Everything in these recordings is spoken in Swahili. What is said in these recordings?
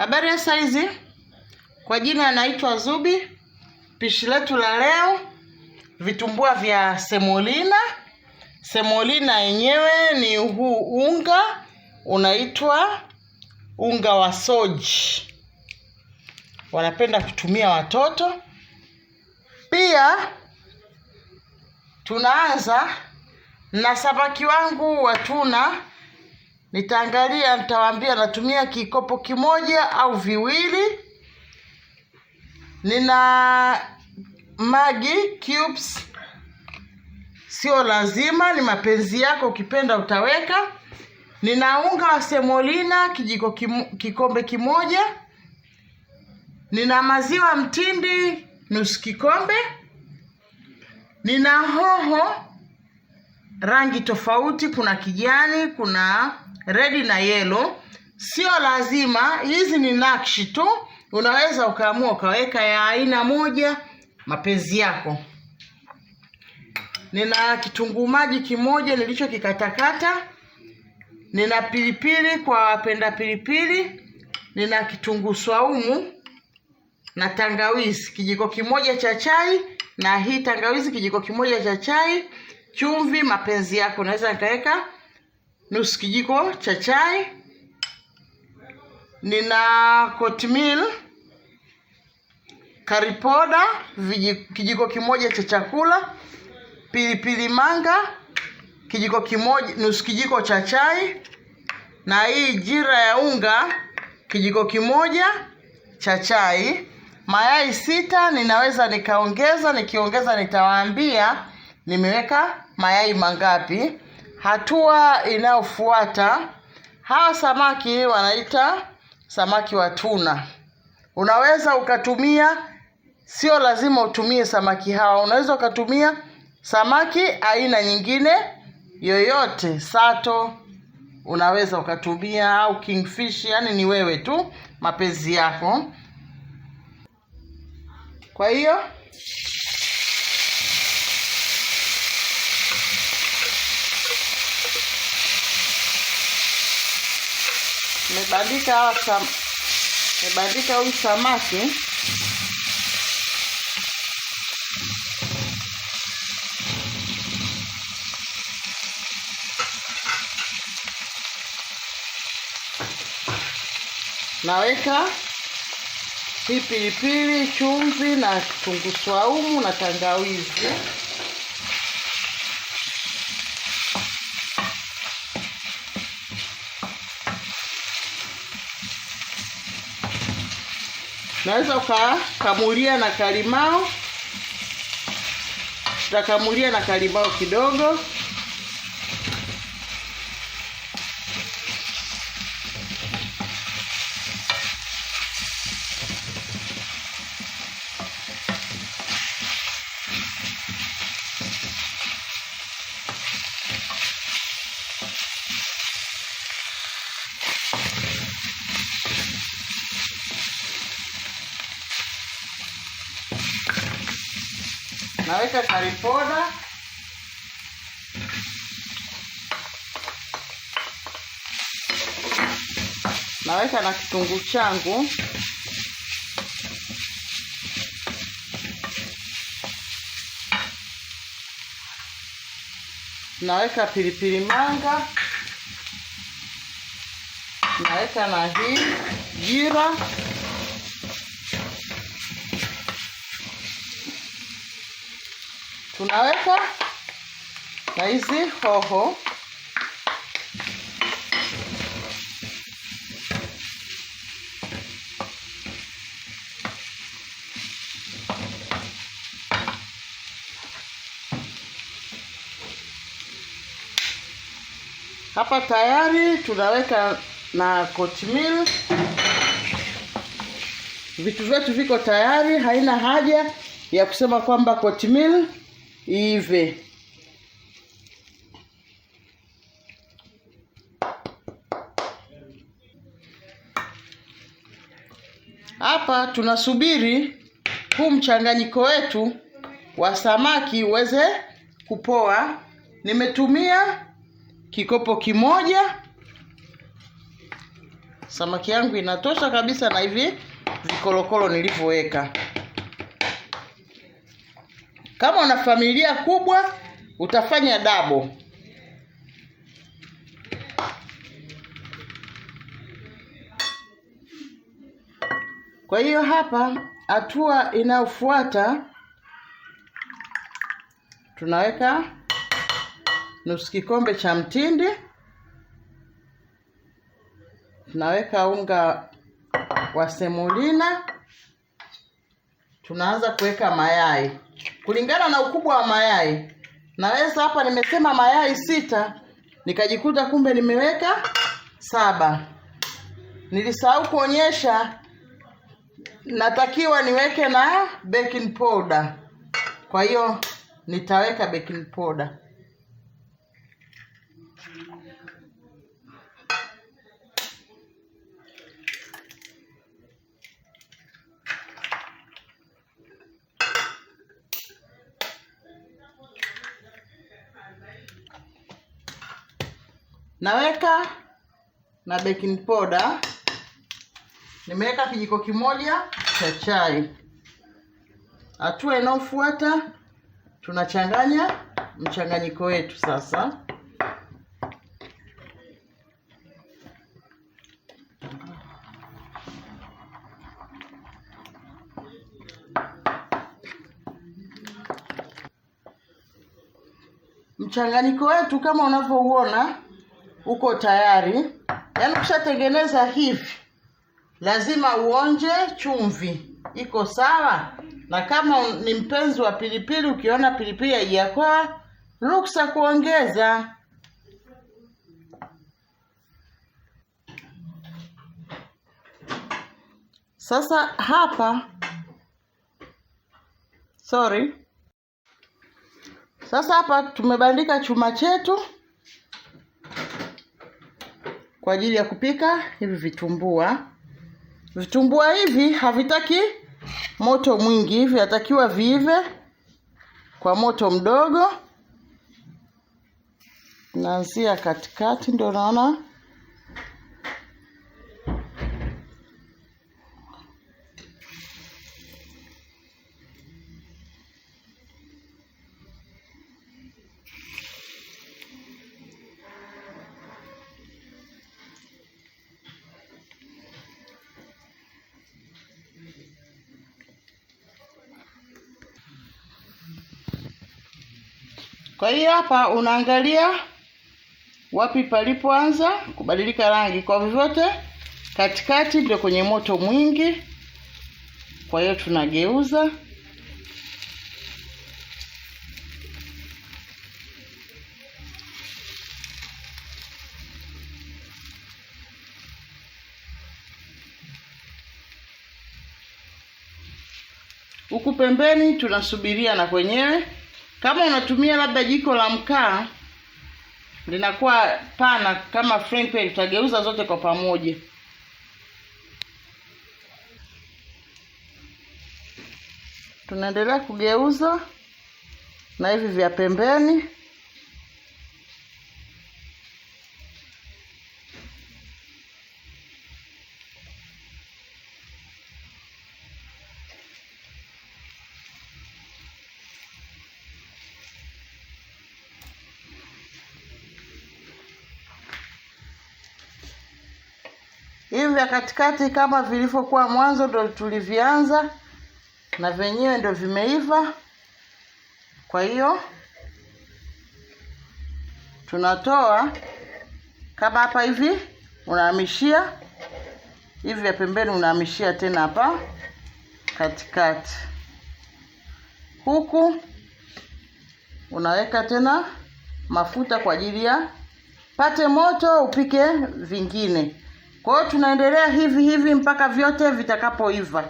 Habari ya saizi, kwa jina anaitwa Zubi. Pishi letu la leo vitumbua vya semolina. Semolina yenyewe ni huu unga unaitwa unga wa soji, wanapenda kutumia watoto pia. Tunaanza na samaki wangu watuna nitaangalia, nitawaambia natumia kikopo kimoja au viwili. Nina magi cubes, sio lazima, ni mapenzi yako, ukipenda utaweka. Nina unga wa semolina kijiko kim, kikombe kimoja. Nina maziwa mtindi nusu kikombe. Nina hoho rangi tofauti, kuna kijani, kuna redi na yellow. Sio lazima, hizi ni nakshi tu, unaweza ukaamua ukaweka ya aina moja, mapenzi yako. Nina kitunguu maji kimoja nilichokikatakata, nina pilipili kwa wapenda pilipili, nina kitunguu swaumu na tangawizi kijiko kimoja cha chai, na hii tangawizi kijiko kimoja cha chai chumvi mapenzi yako. Naweza nikaweka nusu kijiko cha chai, nina kotmil, karipoda kijiko kimoja cha chakula, pilipili manga kijiko kimoja, nusu kijiko cha chai, na hii jira ya unga kijiko kimoja cha chai. Mayai sita ninaweza nikaongeza, nikiongeza nitawaambia nimeweka mayai mangapi. Hatua inayofuata, hawa samaki wanaita samaki wa tuna. Unaweza ukatumia, sio lazima utumie samaki hawa, unaweza ukatumia samaki aina nyingine yoyote, sato unaweza ukatumia au kingfish, yani ni wewe tu, mapenzi yako. Kwa hiyo nimebandika hawa sam nimebandika huyu samaki naweka hii pilipili, chumvi na kitunguu swaumu na tangawizi. naweza ukakamulia na kalimao, utakamulia na kalimao kidogo. naweka curry powder naweka na kitunguu changu naweka pilipili manga naweka na hii jira tunaweka na hizi hoho hapa tayari tunaweka na kotimil. Vitu vyetu viko tayari, haina haja ya kusema kwamba kotimil ive hapa tunasubiri huu mchanganyiko wetu wa samaki uweze kupoa. Nimetumia kikopo kimoja, samaki yangu inatosha kabisa na hivi vikolokolo nilivyoweka. Kama una familia kubwa utafanya dabo. Kwa hiyo hapa hatua inayofuata tunaweka nusu kikombe cha mtindi, tunaweka unga wa semolina tunaanza kuweka mayai kulingana na ukubwa wa mayai. Naweza hapa nimesema mayai sita, nikajikuta kumbe nimeweka saba. Nilisahau kuonyesha natakiwa niweke na baking powder, kwa hiyo nitaweka baking powder. naweka na baking powder nimeweka kijiko kimoja cha chai. Hatua inayofuata tunachanganya mchanganyiko wetu sasa. Mchanganyiko wetu kama unavyouona uko tayari. Yaani ukishatengeneza hivi, lazima uonje chumvi iko sawa, na kama ni mpenzi wa pilipili, ukiona pilipili haijakoa ruksa kuongeza. Sasa hapa sorry, sasa hapa tumebandika chuma chetu kwa ajili ya kupika hivi vitumbua. Vitumbua hivi havitaki moto mwingi, vinatakiwa viive kwa moto mdogo. Naanzia katikati, ndio naona Kwa hiyo hapa unaangalia wapi palipoanza kubadilika rangi, kwa vyovyote katikati ndio kwenye moto mwingi. Kwa hiyo tunageuza huku pembeni tunasubiria na kwenyewe kama unatumia labda jiko la mkaa linakuwa pana kama frying pan, utageuza zote kwa pamoja. Tunaendelea kugeuza na hivi vya pembeni. hivi vya katikati kama vilivyokuwa mwanzo ndo tulivianza na vyenyewe ndo vimeiva. Kwa hiyo tunatoa kama hapa hivi, unahamishia hivi vya pembeni, unahamishia tena hapa katikati, huku unaweka tena mafuta kwa ajili ya pate moto, upike vingine. Kwa hiyo tunaendelea hivi hivi mpaka vyote vitakapoiva.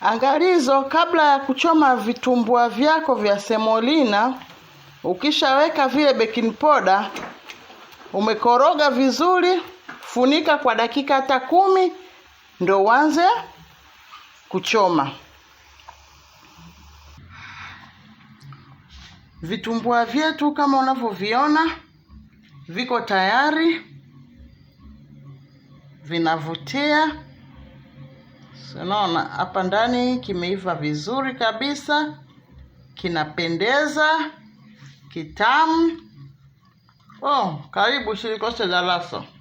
Angalizo, kabla ya kuchoma vitumbua vyako vya semolina, ukishaweka vile baking powder umekoroga vizuri, funika kwa dakika hata kumi ndio uanze kuchoma. Vitumbua vyetu kama unavyoviona viko tayari, vinavutia. Unaona hapa ndani kimeiva vizuri kabisa, kinapendeza, kitamu. Oh, karibu usilikose darasa.